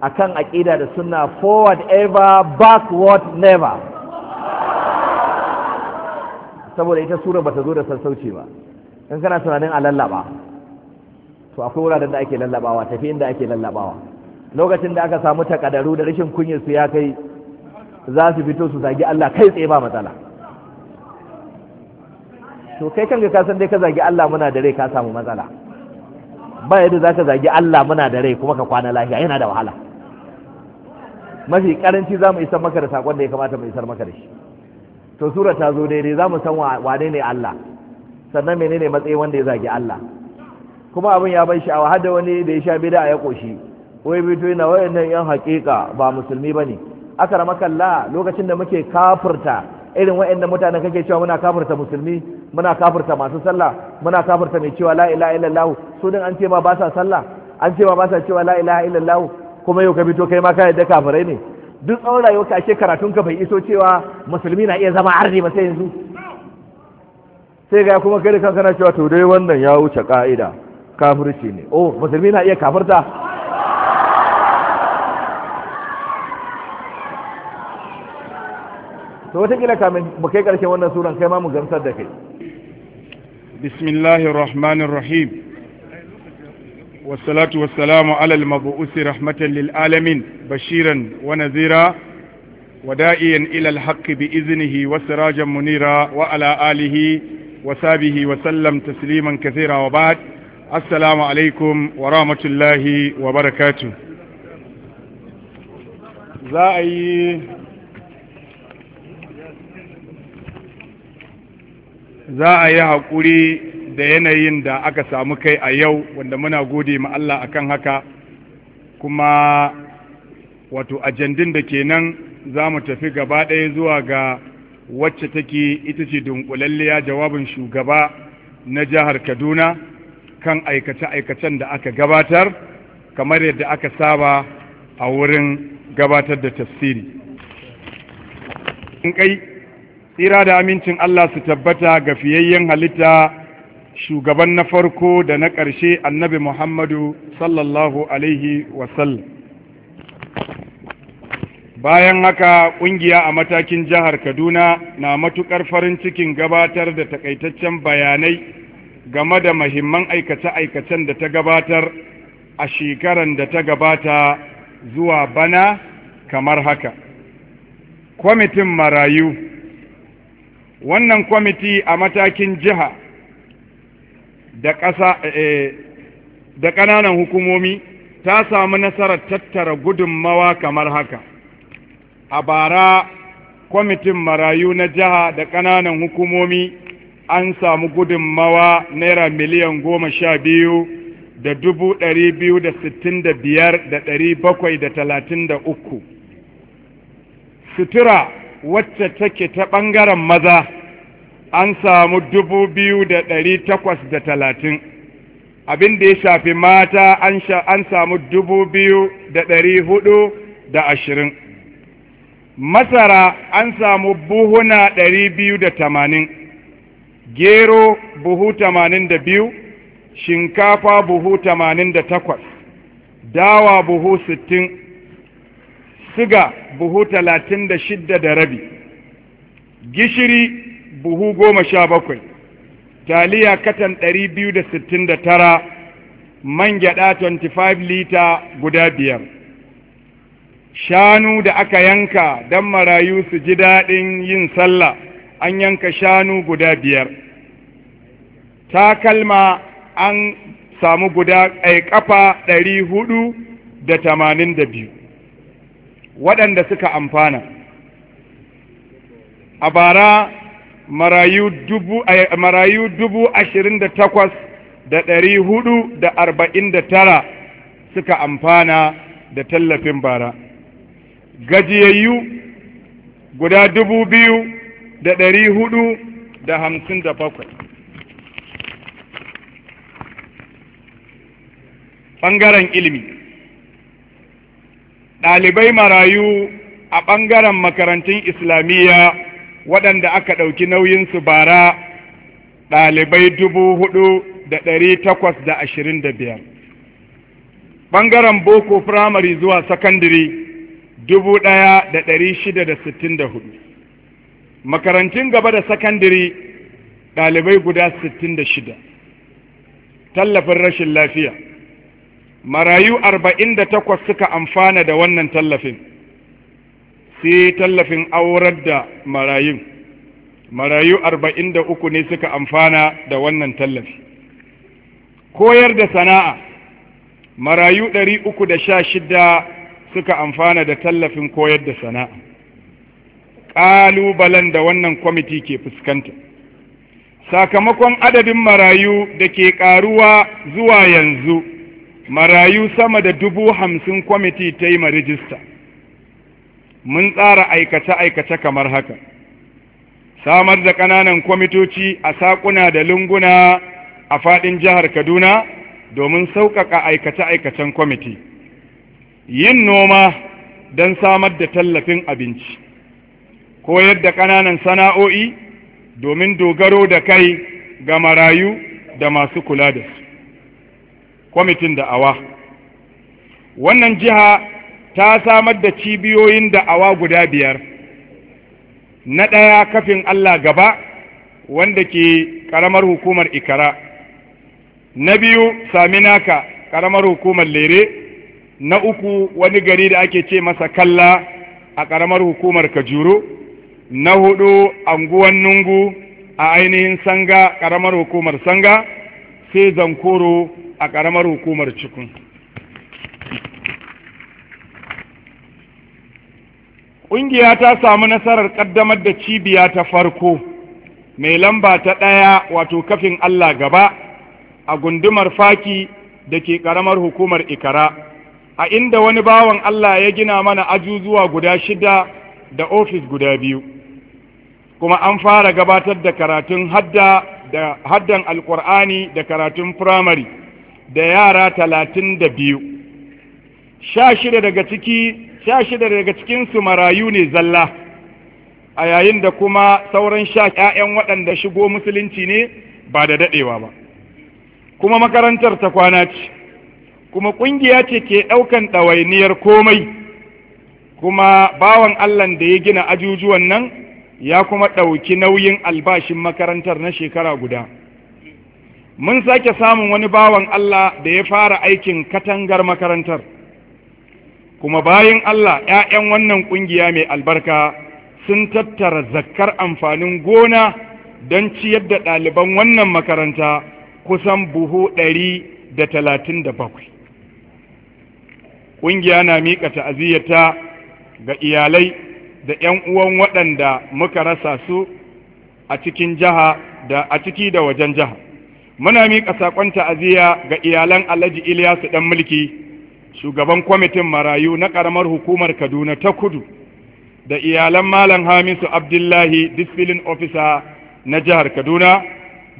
akan aƙida da sunna forward ever backward never saboda ita sura bata zo da sassauci ba in kana tunanin a lallaba to akwai wuraren da ake lallabawa tafi inda ake lallabawa lokacin da aka samu takadaru da rashin kunyar su ya kai za su fito su zagi Allah kai tsaye ba matsala to kai kanka ka san dai ka zagi Allah muna da rai ka samu matsala ba yadda za ka zagi Allah muna da rai kuma ka kwana lafiya yana da wahala mafi karanci za mu isar maka da sakon da ya kamata mu isar maka da shi to sura ta zo daidai za mu san wane ne Allah sannan ne matsayi wanda ya zagi Allah kuma abin ya bai sha'awa har da wani da ya sha bida ya koshi wai bito yana wayannan yan haƙiƙa ba musulmi bane aka ramakalla lokacin da muke kafirta irin wayannan mutanen kake cewa muna kafirta musulmi muna kafirta masu sallah muna kafirta mai cewa la ilaha illallah su din an ce ma ba sa sallah an ce ma ba sa cewa la ilaha illallah kuma yau ka fito kai ma ka yadda kafirai ne duk tsawon rayuwa ka ashe karatun ka bai iso cewa musulmi na iya zama arzi ba sai yanzu sai ga kuma kai da kanka na cewa to dai wannan ya wuce ka'ida kafirci ne oh musulmi na iya kafirta to wataƙila kamin mu kai karshen wannan suran kai ma mu gamsar da kai bismillahir rahmanir rahim والصلاة والسلام على المبعوث رحمة للعالمين بشيرا ونذيرا ودائيا إلى الحق بإذنه وسراجا منيرا وعلى آله وسابه وسلم تسليما كثيرا وبعد السلام عليكم ورحمة الله وبركاته زائي za a yi haƙuri da yanayin da aka samu kai a yau wanda muna gode ma Allah akan haka kuma wato ajandin da kenan za mu tafi gaba ɗaya zuwa ga wacce take ita ce dunkulalliya jawabin shugaba na jihar kaduna kan aikace-aikacen da aka gabatar kamar yadda aka saba a wurin gabatar da tafsiri in kai tsira da amincin allah su tabbata ga fiyayyen halitta shugaban na farko da na ƙarshe annabi Muhammadu sallallahu alaihi wasallam. Bayan haka ƙungiya a matakin jihar Kaduna na matuƙar farin cikin gabatar da takaitaccen bayanai game da mahimman aikace-aikacen da ta gabatar a shekaran da ta gabata zuwa bana kamar haka. Kwamitin Marayu Wannan kwamiti a matakin jiha Eh, da ƙananan hukumomi ta samu nasarar tattara gudunmawa kamar haka a bara kwamitin marayu na jiha da ƙananan hukumomi an samu gudunmawa naira miliyan goma sha biyu da dubu ɗari biyu da sittin da biyar da ɗari bakwai da talatin da uku sutura wacce take ta ɓangaren maza an samu dubu biyu da ɗari takwas da talatin abin da ya shafi mata an samu dubu biyu da ɗari hudu da ashirin masara an samu buhuna ɗari biyu da tamanin gero buhu tamanin da biyu shinkafa buhu tamanin da takwas dawa buhu sittin siga buhu talatin da shidda da rabi gishiri buhu goma sha bakwai taliya katan ɗari biyu da sittin da tara man gyaɗa 25 lita guda biyar shanu da aka yanka don marayu su ji daɗin yin sallah an yanka shanu guda biyar takalma an samu guda a eh, ƙafa ɗari hudu da tamanin da biyu waɗanda suka amfana a bara Eh, marayu dubu ashirin da takwas da ɗari hudu da arba'in da tara suka amfana da tallafin bara gajiyayyu guda dubu biyu da ɗari hudu da hamsin da bakwai ɓangaren ilimi ɗalibai marayu a ɓangaren makarantun islamiyya waɗanda aka ɗauki nauyinsu bara ɗalibai dubu hudu da ɗari takwas da ashirin da biyar ɓangaren boko firamare zuwa sakandare dubu ɗaya da ɗari shida da sittin da hudu makarantun gaba da sakandare ɗalibai guda sittin da shida tallafin rashin lafiya marayu arba'in da takwas suka amfana da wannan tallafin sai tallafin aurar da marayu, marayu arba'in da uku ne suka amfana da wannan tallafi koyar da sana'a marayu ɗari uku da sha shida suka amfana da tallafin koyar da sana'a ƙalubalen da wannan kwamiti ke fuskanta sakamakon adadin marayu da ke ƙaruwa zuwa yanzu marayu sama da dubu hamsin kwamiti ta yi ma rijista mun tsara aikace-aikace kamar haka samar da ƙananan kwamitoci a saƙuna da lunguna a faɗin jihar kaduna domin sauƙaƙa aikace-aikacen kwamiti yin noma don samar da tallafin abinci koyar da ƙananan sana'o'i domin dogaro da kai ga marayu da masu kula da su kwamitin awa wannan jiha ta samar da cibiyoyin da awa guda biyar na ɗaya kafin Allah gaba wanda ke ƙaramar hukumar ikara na biyu saminaka ƙaramar hukumar lere na uku wani gari da ake ce masa kalla a ƙaramar hukumar kajuru na hudu anguwan nungu a ainihin sanga ƙaramar hukumar sanga sai zankoro a ƙaramar hukumar cikin. ƙungiya ta samu nasarar ƙaddamar da cibiya ta farko mai lamba ta ɗaya wato kafin Allah gaba a gundumar faki da ke ƙaramar hukumar ikara a inda wani bawan Allah ya gina mana ajuzuwa guda shida da ofis guda biyu kuma an fara gabatar da karatun hadda da haddan alƙur'ani da karatun firamare da yara talatin da biyu sha shida daga ciki sha shida daga cikinsu marayu ne zalla a yayin da kuma sauran sha ‘ya'yan waɗanda shigo musulunci ne ba da daɗewa ba kuma makarantar ta kwana ce kuma ƙungiya ce ke ɗaukan ɗawainiyar komai kuma bawan allan da ya gina ajujuwan nan ya kuma ɗauki nauyin albashin makarantar na shekara guda mun sake samun wani bawan allah da ya fara aikin katangar makarantar kuma bayan Allah ‘ya'yan wannan ƙungiya mai albarka sun tattara zakkar amfanin gona don ciyar da ɗaliban wannan makaranta kusan buhu ɗari da talatin da bakwai. Ƙungiya na miƙa ta'aziyyata ga iyalai da ‘yan uwan waɗanda muka rasa su a cikin jiha da a ciki da wajen jiha. Muna miƙa saƙon ta'aziyya ga iyalan Alhaji Ilyasu ɗan mulki. shugaban kwamitin marayu na ƙaramar hukumar kaduna ta kudu da iyalan malam hamisu abdullahi disfilin ofisa na jihar kaduna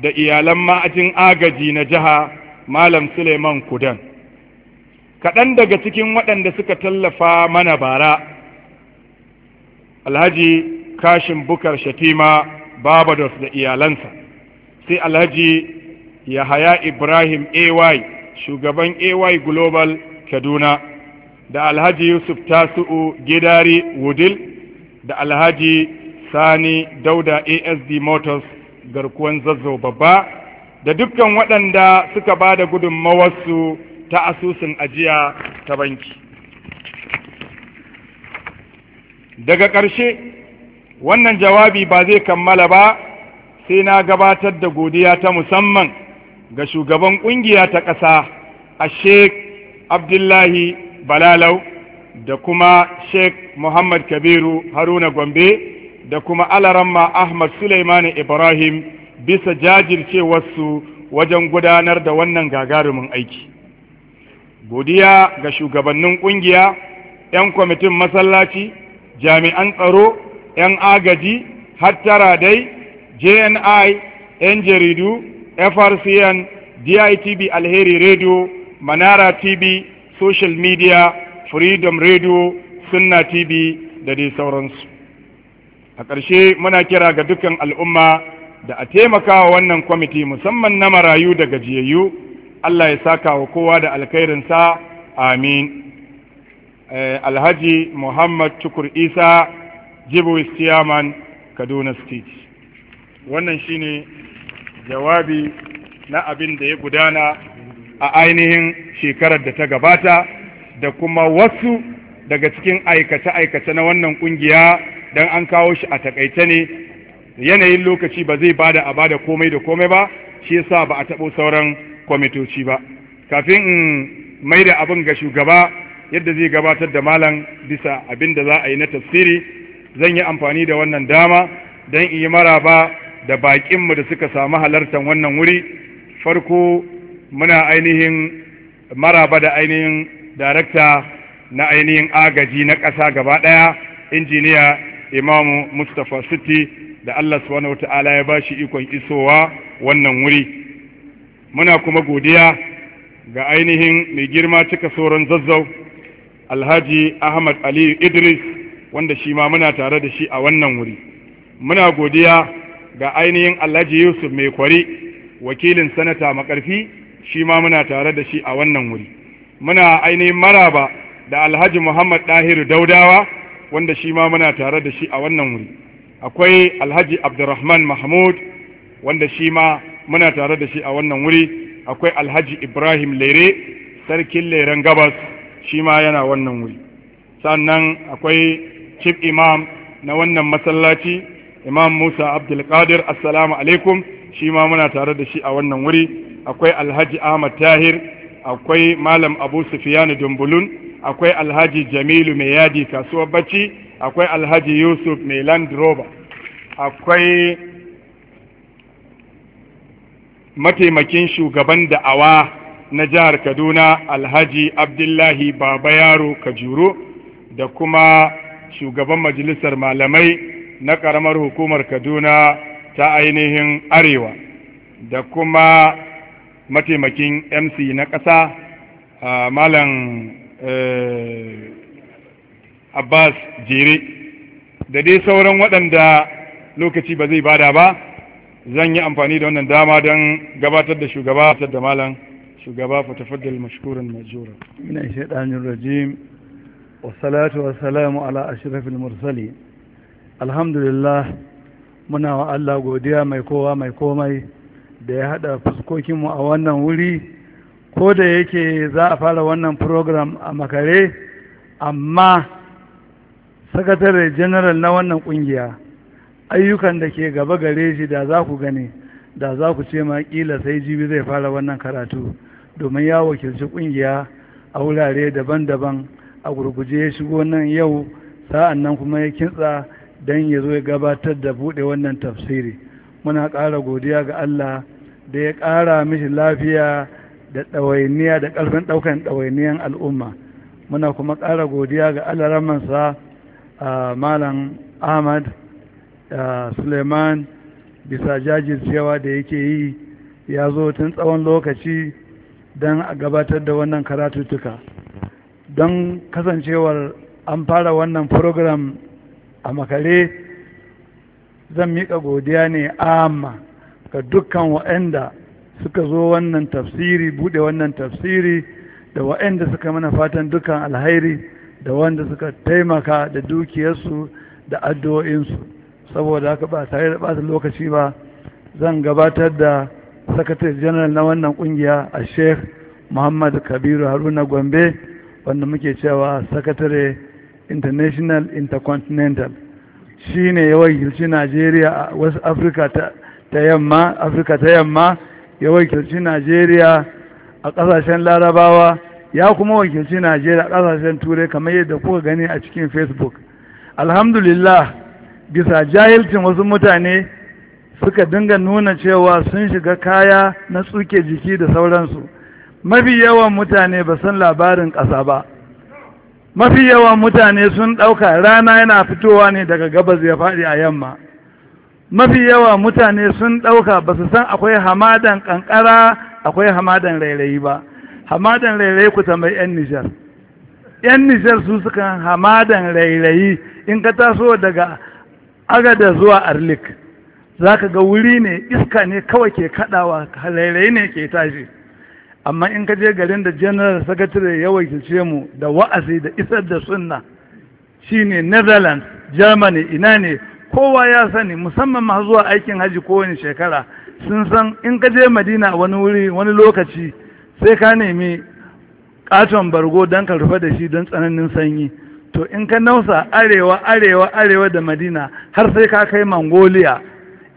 da iyalan ma'ajin agaji na jiha malam suleiman kudan kaɗan daga cikin waɗanda suka tallafa mana bara alhaji kashin bukar shatima barbados da iyalansa sai alhaji yahaya ibrahim ay shugaban ay global kaduna da alhaji yusuf tasu'u gidari wudil da alhaji sani dauda asd motors garkuwan zazzau babba da dukkan waɗanda suka ba da gudunmawarsu ta asusun ajiya ta banki daga ƙarshe wannan jawabi ba zai kammala ba sai na gabatar da godiya ta musamman ga shugaban ƙungiya ta ƙasa a sheik abdullahi balalau da kuma sheikh muhammad kabiru haruna gombe da kuma alaramma ahmad suleimani ibrahim bisa jajircewarsu wajen gudanar da wannan gagarumin aiki godiya ga shugabannin ƙungiya 'yan kwamitin masallaci jami'an tsaro 'yan agaji hattara dai jni 'yan jaridu frcn ditb alheri radio manara tv social media freedom radio sunna tv da dai sauransu a ƙarshe muna kira ga dukkan al'umma da a taimakawa wannan kwamiti musamman na marayu da gajiyayyu allah ya saka wa kowa da alkhairinsa amin eh, alhaji muhammad tukur isa jibu istiyaman kaduna state wannan shine jawabi na abin da ya gudana a ainihin shekarar da ta gabata da kuma wasu daga cikin aikace-aikace na wannan kungiya don an kawo shi a takaice ne yanayin lokaci ba zai bada a bada komai da komai ba shi yasa ba a taɓo sauran kwamitoci ba kafin in mai da abin ga shugaba yadda zai gabatar da malam bisa abin da za a yi na tafsiri zan yi amfani da wannan dama don in yi maraba da baƙinmu da suka samu halartar wannan wuri farko muna ainihin maraba da ainihin darakta na ainihin agaji na ƙasa gaba ɗaya injiniya imamu mustapha city da allah subhanahu wata'ala ya ba shi ikon isowa wannan wuri muna kuma godiya ga ainihin mai girma cika sauran zazzau alhaji ahmad aliyu idris wanda shi ma muna tare da shi a wannan wuri muna godiya ga ainihin alhaji yusuf mai kwari wakilin sanata makarfi shi ma muna tare da shi a wannan wuri muna ainihin maraba da alhaji muhammad ɗahiru daudawa wanda shi ma muna tare da shi a wannan wuri akwai alhaji abdurrahman mahmud wanda shi ma muna tare da shi a wannan wuri akwai alhaji ibrahim lere sarkin leren gabas shi ma yana wannan wuri sannan akwai chief imam na wannan masallaci imam musa abdulkadir assalamu alaikum shi ma muna tare da shi a wannan wuri akwai alhaji ahmad tahir akwai malam abu sufiyanu dumbulun akwai alhaji jamilu mai yadi kasuwar bacci akwai alhaji yusuf mai land rover akwai mataimakin shugaban da'awa na jihar kaduna alhaji abdullahi baba yaro kajuru da kuma shugaban majalisar malamai na ƙaramar hukumar kaduna ta ainihin arewa da kuma mataimakin mc na ƙasa malam e, abbas jere da dai sauran waɗanda lokaci ba zai bada ba zan yi amfani da wannan dama don gabatar da shugaba da malam shugaba fatafadar mashkurin majura ina ɗanin rajim wa wasalamu ala ashirafin mursali alhamdulillah muna wa Allah godiya mai kowa mai komai da ya haɗa fuskokinmu a wannan wuri ko da yake za a fara wannan program a makare amma sakatare general na wannan ƙungiya ayyukan da ke gaba gare shi da za ku gani da za ku ce ma kila sai jibi zai fara wannan karatu domin ya wakilci ƙungiya a wurare daban-daban a gurguje ya shigo nan yau sa'an nan kuma ya kintsa don ya zo ya gabatar da buɗe wannan tafsiri muna ƙara godiya ga Allah da ya ƙara mishi lafiya da ɗawainiya da ƙarfin ɗaukan ɗawainiyan al'umma muna kuma ƙara godiya ga ramansa a malam ahmad suleiman bisa jajircewa da yake yi ya zo tun tsawon lokaci don a gabatar da wannan karatuttuka don kasancewar an fara wannan program a makare zan miƙa godiya ne amma ga dukkan wa'anda suka zo wannan tafsiri buɗe wannan tafsiri da wa'anda suka mana fatan dukkan alhairi da wanda suka taimaka da dukiyarsu da addu'o'insu saboda haka ba tare da ɓata lokaci ba zan gabatar da sakatare janar na wannan ƙungiya a sheikh muhammad kabiru haruna gombe wanda muke cewa sakatare international intercontinental shi ne ya wakilci najeriya a wasu afirka ta yamma afirka ta yamma ya wakilci najeriya a ƙasashen larabawa ya kuma wakilci najeriya a ƙasashen turai kamar yadda kuka gani a cikin facebook alhamdulillah bisa jahilcin wasu mutane suka dinga nuna cewa sun shiga kaya na tsuke jiki da sauransu mafi yawan mutane ba san labarin ƙasa ba mafi yawan mutane sun ɗauka rana yana fitowa ne daga gabas ya faɗi a yamma mafi yawan mutane sun ɗauka ba su san akwai hamadan ƙanƙara akwai hamadan rairayi ba hamadan rairayi ku tambayi 'yan nijar 'yan nijar su suka hamadan rairayi in ka taso daga agada zuwa arlik za ka ga wuri ne iska ne kawai ke kaɗawa rairayi ne ke tashi amma in ka je garin da general secretary ya wakilce mu da wa'azi da isar da sunna shine netherlands germany ina ne kowa ya sani musamman ma zuwa aikin haji kowane shekara sun san in ka je madina wani wuri wani lokaci sai ka nemi katon bargo don ka rufe da shi don tsananin sanyi to in ka nausa arewa arewa arewa da madina har sai ka kai mongolia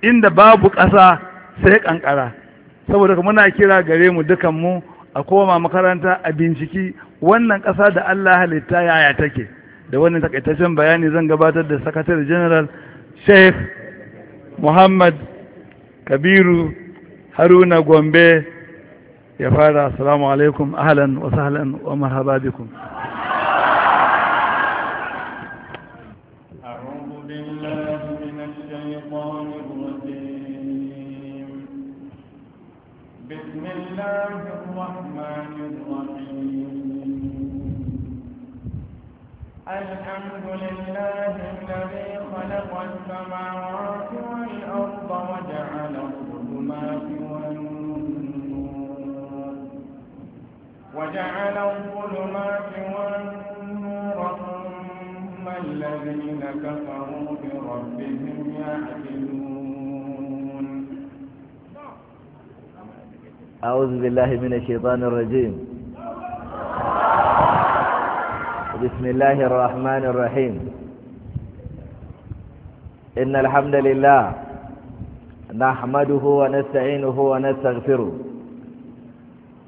inda babu ƙasa sai ƙanƙara saboda muna kira gare mu dukan mu a koma makaranta a binciki wannan ƙasa da Allah halitta yaya take da wannan takaitaccen bayani zan gabatar da sakatare general sheikh muhammad kabiru haruna gombe ya fara assalamu alaikum ahlan wa sahlan wa marhaba bikum وجعل الظلمات والنور ثم الذين كفروا بربهم يعدلون أعوذ بالله من الشيطان الرجيم بسم الله الرحمن الرحيم إن الحمد لله نحمده ونستعينه ونستغفره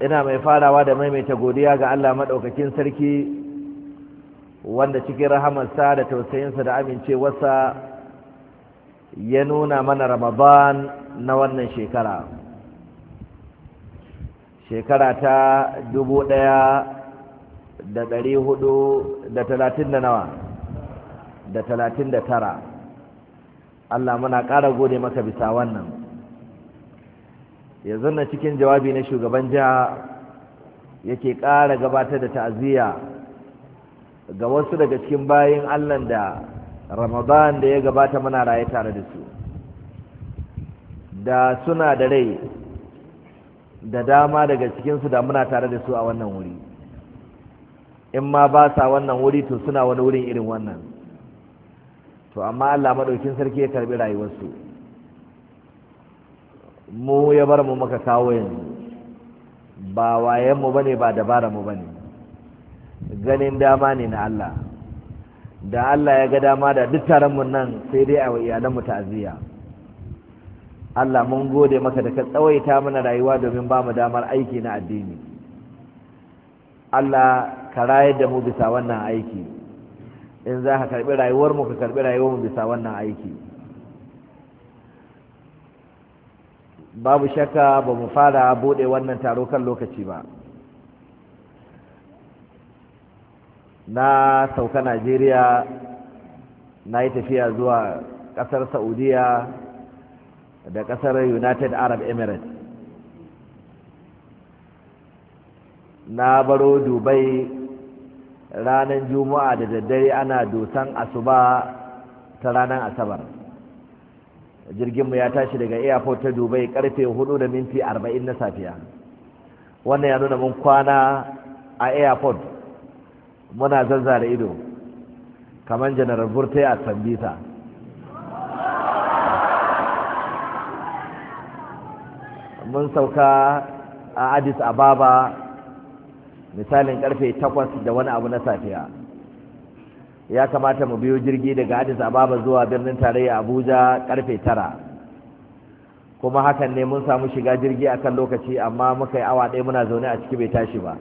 ina mai farawa da maimaita godiya ga Allah maɗaukakin sarki wanda cikin rahamarsa da tausayinsa da amincewarsa ya nuna mana ramadan na wannan shekara shekara ta dubu ɗaya da ɗari hudu da talatin da nawa da talatin da tara Allah muna ƙara gode maka bisa wannan yanzu na cikin jawabi na shugaban jiha yake ƙara gabatar da ta'aziyya ga wasu daga cikin bayin allan da ramadan da ya gabata muna raye tare da su da suna da rai da dama daga cikinsu da muna tare da su a wannan wuri in ma ba sa wannan wuri to suna wani wurin irin wannan to amma allah maɗaukin sarki ya karɓi rayuwarsu mu ya bar mu maka kawo yanzu ba wayenmu ba ne ba dabara mu ba ne ganin dama ne na Allah da Allah ya ga dama da duk taronmu nan sai dai a iyalanmu ta'aziya. Allah mun gode maka da ka tsawaita mana rayuwa domin ba mu damar aiki na addini Allah ka rayar da mu bisa wannan aiki in za ka karɓi rayuwarmu ka karɓi rayuwarmu bisa wannan aiki babu shakka ba mu fara bude wannan taro kan lokaci ba na sauka najeriya na yi tafiya zuwa kasar saudiya da kasar united arab emirates na baro dubai ranar juma'a da daddare ana dusan asuba ta ranar asabar jirginmu ya tashi daga airport ta dubai karfe 4 da minti 40 na safiya wannan ya nuna mun kwana a airport muna zanza da ido kamar janarar burtai a sambisa mun sauka a addis ababa misalin karfe 8 da wani abu na safiya ya kamata mu biyo jirgi daga Addis Ababa zuwa birnin tarayya Abuja karfe tara kuma hakan ne mun samu shiga jirgi akan lokaci amma muka yi awa ɗaya muna zaune a ciki bai tashi ba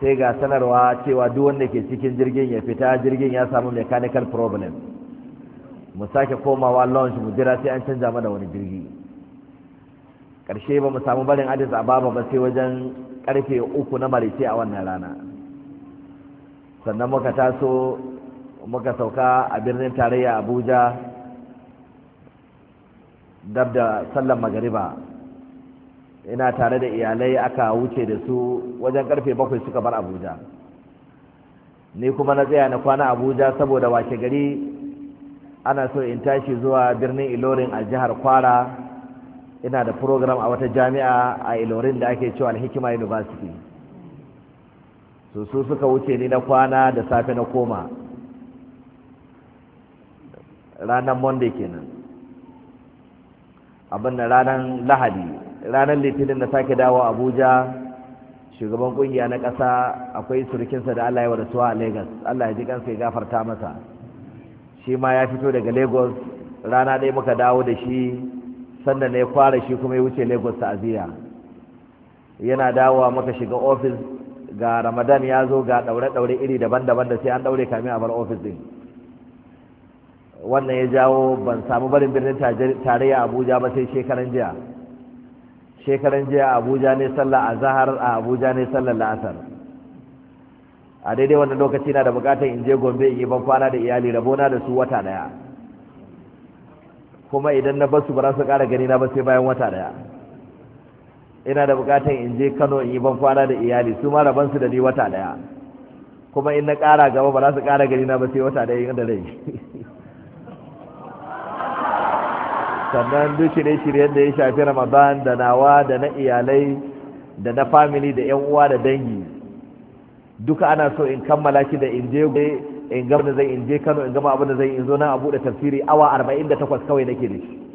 sai ga sanarwa cewa duk wanda ke cikin jirgin ya fita jirgin ya samu mechanical problem mu sake komawa launch mu jira sai an canza mana wani jirgi ƙarshe ba mu samu barin Addis Ababa ba sai wajen karfe uku na marice a wannan rana sannan muka taso muka sauka a birnin tarayya abuja dab da sallan magariba ina tare da iyalai aka wuce da su wajen karfe bakwai suka bar abuja ni kuma na tsaya na kwana abuja saboda wake gari ana so in tashi zuwa birnin ilorin a jihar kwara ina da program a wata jami'a a ilorin da ake cewa alhikima university to su suka wuce ni na kwana da safe na koma ranar monday kenan abin da ranar lahadi ranar litinin da sake dawo abuja shugaban kungiya na ƙasa akwai surukinsa da allah ya wadatuwa a lagos allah ya ji kansa ya gafarta masa shi ma ya fito daga lagos rana ɗaya muka dawo da shi sannan ya kwara shi kuma ya wuce lagos ta aziya. yana dawowa maka shiga ofis ga ramadan ya zo ga daure-daure iri daban-daban da sai an daure kamin a bar ofis din. wannan ya jawo ban samu barin birnin tarayya abuja ba sai shekaran jiya shekaran jiya abuja ne sallah a zahar a abuja ne sallah la'asar a daidai wannan lokaci na da bukatar in je gombe in yi ban kwana da iyali rabona da su wata daya kuma idan na basu ba za su kara gani na ba sai bayan wata daya ina da bukatar in je Kano in yi ban kwana da iyali su ma raban su da ni wata daya kuma in na kara gaba ba za su kara gari na ba sai wata daya inda rai sannan duk shirye-shiryen da ya shafi Ramadan da nawa da na iyalai da na family da yan uwa da dangi duka ana so in kammala shi da in je in gama zai in je Kano in gama abin da zai in zo na a da tafsiri awa 48 kawai nake da shi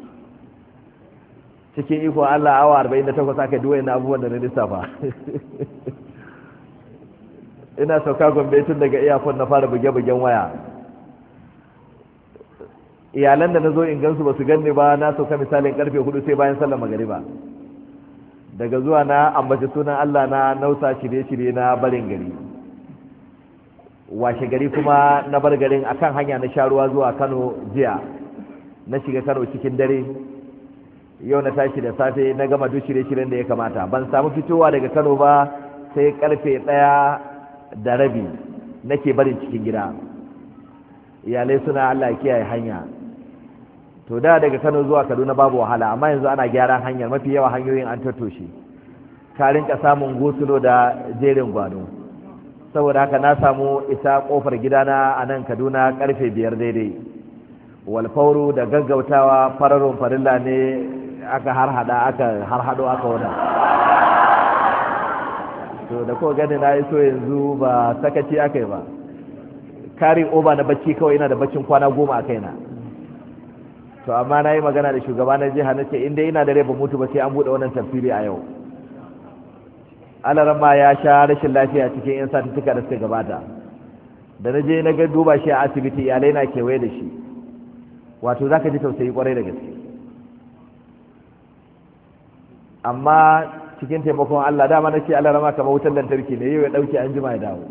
cikin iko Allah awa 48 aka duwai na abubuwan da na lissafa ina sauka gombe tun daga iyakon na fara buge-bugen waya iyalan da na zo in gansu ba su ganni ba na sauka misalin karfe hudu sai bayan sallar magariba daga zuwa na ambaci sunan Allah na nausa shirye-shirye na barin gari washe gari kuma na bar garin akan hanya na sha ruwa zuwa Kano jiya na shiga Kano cikin dare yau na tashi da safe na gama duk shirye-shiryen da ya kamata ban samu fitowa daga kano ba sai karfe ɗaya da rabi nake barin cikin gida iyalai suna allah kiyaye hanya to da daga kano zuwa kaduna babu wahala amma yanzu ana gyaran hanyar mafi yawa hanyoyin an tattoshe ka rinka samun gosulo da jerin gwano saboda haka na samu isa kofar gidana a nan kaduna karfe biyar daidai walfauru da gaggautawa fararun farilla ne aka harhada aka harhado aka wada to da ko gani na yi so yanzu ba sakaci aka yi ba kari oba na bacci kawai ina da baccin kwana goma a kaina to amma na yi magana da shugaba na jiha na ce inda ina da ba mutu ba sai an buɗe wannan tafsiri a yau alarama ya sha rashin lafiya cikin yan sati satuttuka da suka gabata da na je na ga duba shi a asibiti iyalai na kewaye da shi wato za ka ji tausayi kwarai da gaske amma cikin taimakon Allah dama na ce Allah rama kama wutar lantarki ne yau ya ɗauke an jima ya dawo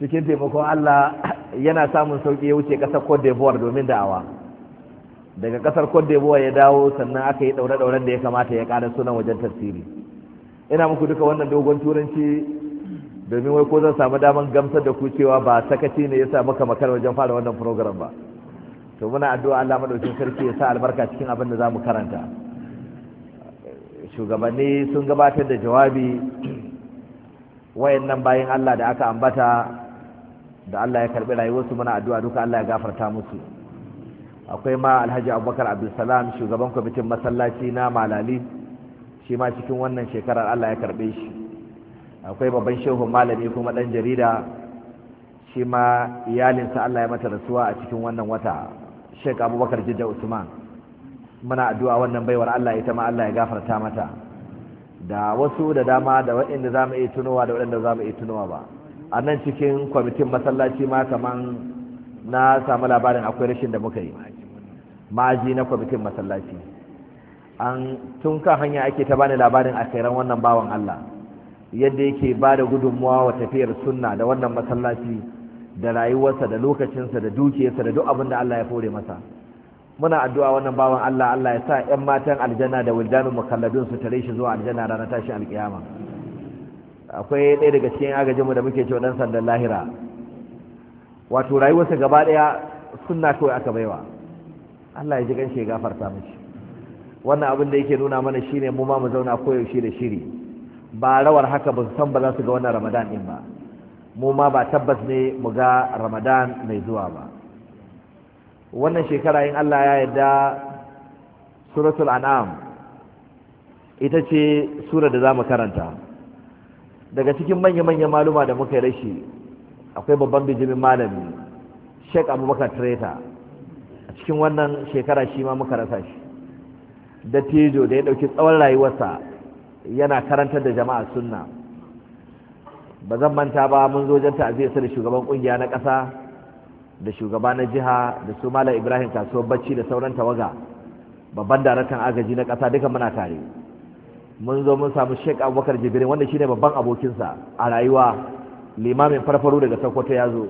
cikin taimakon Allah yana samun sauƙi ya wuce ƙasar Cote d'Ivoire domin da'awa daga ƙasar Cote d'Ivoire ya dawo sannan aka yi ɗaure-ɗauren da ya kamata ya ƙara sunan wajen tasiri ina muku duka wannan dogon turanci domin wai ko zan samu daman gamsar da ku cewa ba sakaci ne ya sa maka makar wajen fara wannan program ba to muna addu'a Allah madaukin sarki ya sa albarka cikin abin da zamu karanta shugabanni sun gabatar da jawabi wayannan bayan Allah da aka ambata da Allah ya karbi rayuwarsu muna addu'a duka Allah ya gafarta musu akwai ma Alhaji Abubakar Abdulsalam shugaban kwamitin masallaci na Malali shi ma cikin wannan shekarar Allah ya karbe shi akwai babban shehu malami kuma dan jarida shi ma iyalinsa Allah ya mata rasuwa a cikin wannan wata Sheikh Abubakar Jidda Usman muna addu'a wannan baiwar Allah ita ma Allah ya gafarta mata da wasu da dama da waɗanda za mu iya tunowa da waɗanda za mu iya tunowa ba a nan cikin kwamitin masallaci ma kaman na samu labarin akwai rashin da muka yi ma'aji na kwamitin masallaci an tun kan hanya ake ta bani labarin a kairan wannan bawan Allah yadda yake ba da gudunmuwa wa tafiyar sunna da wannan masallaci da rayuwarsa da lokacinsa da dukiyarsa da duk abin da Allah ya fore masa muna addu'a wannan bawan Allah Allah ya sa ƴan matan aljanna da wildanun mukalladun su tare shi zuwa aljanna ranar tashin alkiyama akwai ɗaya daga cikin mu da muke cewa dan sandan lahira wato rayuwarsa gaba ɗaya sunna kawai aka baiwa Allah ya ji ganshi ya gafarta mishi wannan abin da yake nuna mana shine mu ma mu zauna koyaushe da shiri ba rawar haka ba san ba za su ga wannan Ramadan din ba mu ma ba tabbas ne mu ga Ramadan mai zuwa ba wannan shekara in Allah ya yarda suratul an'am ita ce sura da zamu karanta daga cikin manya-manyan maluma da muka yi rashi akwai babban bijimin malami Sheikh Abubakar Treta a cikin wannan shekara shi ma muka rasa shi da tejo da ya ɗauki tsawon rayuwarsa yana karantar da jama'a sunna ba zan manta ba mun zo janta a zai da shugaban kungiya na ƙasa da shugaba na jiha da su malam ibrahim kasuwar bacci da sauran tawaga babban daraktan agaji na ƙasa duka muna tare mun zo mun samu sheik abubakar jibirin wanda shine babban abokinsa a rayuwa limamin farfaro daga sokoto ya zo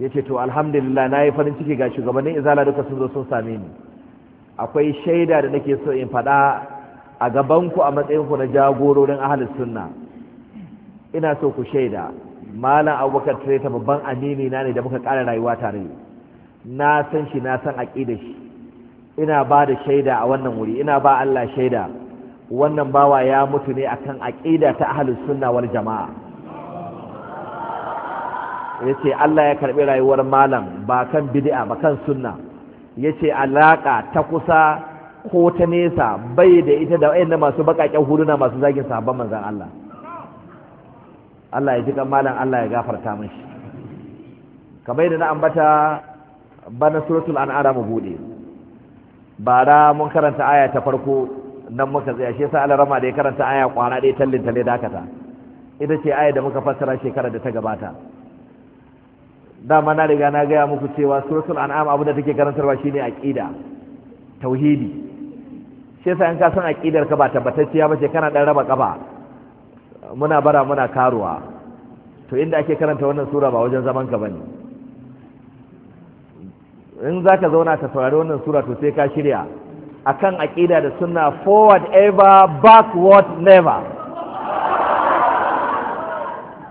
ya ce to alhamdulillah na yi farin ciki ga shugabannin izala duka sun zo sun same ni akwai shaida da nake so in faɗa a gabanku a matsayinku na jagororin ahalin sunna ina so ku shaida malam abubakar tare ta babban amini na ne da muka kara rayuwa tare na san shi na san aƙida shi ina ba da shaida a wannan wuri ina ba Allah shaida wannan bawa ya mutu ne akan aƙida ta ahlus sunna wal jama'a yace Allah ya karɓi rayuwar malam ba kan bid'a ba kan sunna yace alaka ta kusa ko ta nesa bai da ita da wayannan masu bakakken huduna masu zagin sahabban manzon Allah Allah ya ji kan malam Allah ya gafarta mishi kamar yadda na ambata bana suratul an'am mu bude bara mun karanta aya ta farko nan muka tsaya shi yasa rama da ya karanta aya kwana ɗaya tallin talle dakata ita ce aya da muka fassara shekarar da ta gabata dama na riga na gaya muku cewa suratul an'am abu da take karantarwa shine aqida tauhidi shi yasa in ka san aqidar ka ba tabbatacciya ba ce kana dan raba kafa muna bara muna karuwa to inda ake karanta wannan sura ba wajen zaman ka bane in zaka zauna ka saurari wannan sura to sai ka shirya akan aqida da sunna forward ever backward never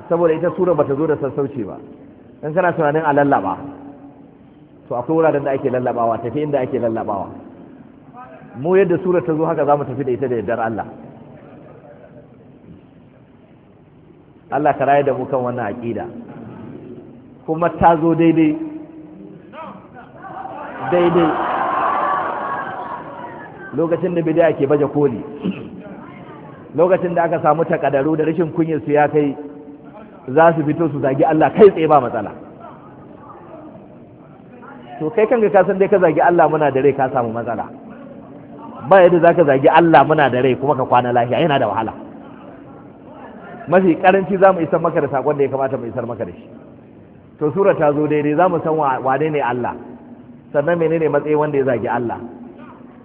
saboda ita sura bata zo da sassauci ba in kana tunanin a lallaba to akwai wuraren da ake lallabawa tafi inda ake lallabawa mu yadda sura ta zo haka za mu tafi da ita da yardar Allah Allah ka raye da mu kan wannan aƙida kuma ta zo daidai daidai lokacin da bidiya ke baje koli lokacin da aka samu takadaru da rashin kunyar su ya kai za su fito su zagi Allah kai tsaye ba matsala to kai kanka ka san dai ka zagi Allah muna da rai ka samu matsala ba yadda za ka zagi Allah muna da rai kuma ka kwana lafiya yana da wahala mafi karanci za mu isar maka da sakon da ya kamata mu isar maka da shi to sura ta zo daidai za mu san wane ne Allah sannan mene ne matsayin wanda ya zagi Allah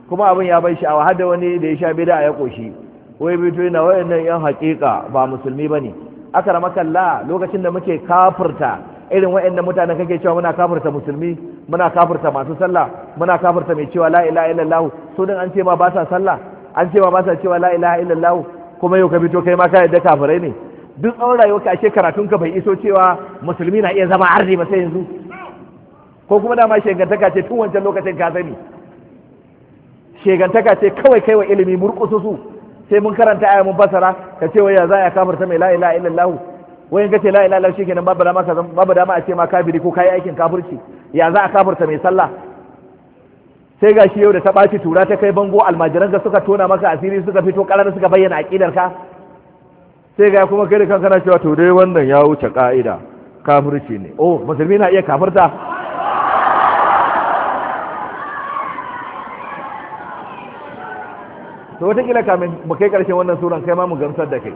kuma abin ya bai sha'awa har da wani da ya sha bida ya koshi wai bito yana wayannan yan haƙiƙa ba musulmi bane aka kalla lokacin da muke kafirta irin wayannan mutanen kake cewa muna kafirta musulmi muna kafirta masu sallah muna kafirta mai cewa la ilaha illallah so din an ce ma ba sa sallah an ce ma ba sa cewa la ilaha illallah kuma yau ka fito kai ma ka yadda kafirai ne duk tsawon rayuwarka ashe karatun ka bai iso cewa musulmi na iya zama arzi ba sai yanzu ko kuma dama shegantaka ce tun wancan lokacin ka sani shegantaka ce kawai kai wa ilimi murƙusu su sai mun karanta aya mun fasara ka ce waya za a kafarta mai la ilaha illallah wayan kace la ilaha illallah shikenan babu dama ka babu dama a ce ma kafiri ko kai aikin kafirci ya za a kafarta mai sallah sai ga shi yau da ta ɓaci tura ta kai bango almajiran ka suka tona maka asiri suka fito ƙarar suka bayyana aƙidar ka sai ga kuma kai da kanka na cewa to dai wannan ya wuce ƙa'ida kafirci ne oh musulmi na iya kafirta to wataƙila kamin mu kai ƙarshen wannan suran kai ma mu gamsar da kai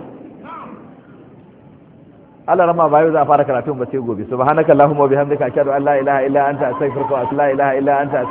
Allah rama ba yau za a fara karatun ba sai gobe subhanaka allahumma wa bihamdika ashhadu an la ilaha illa anta astaghfiruka wa atubu ilaika illa anta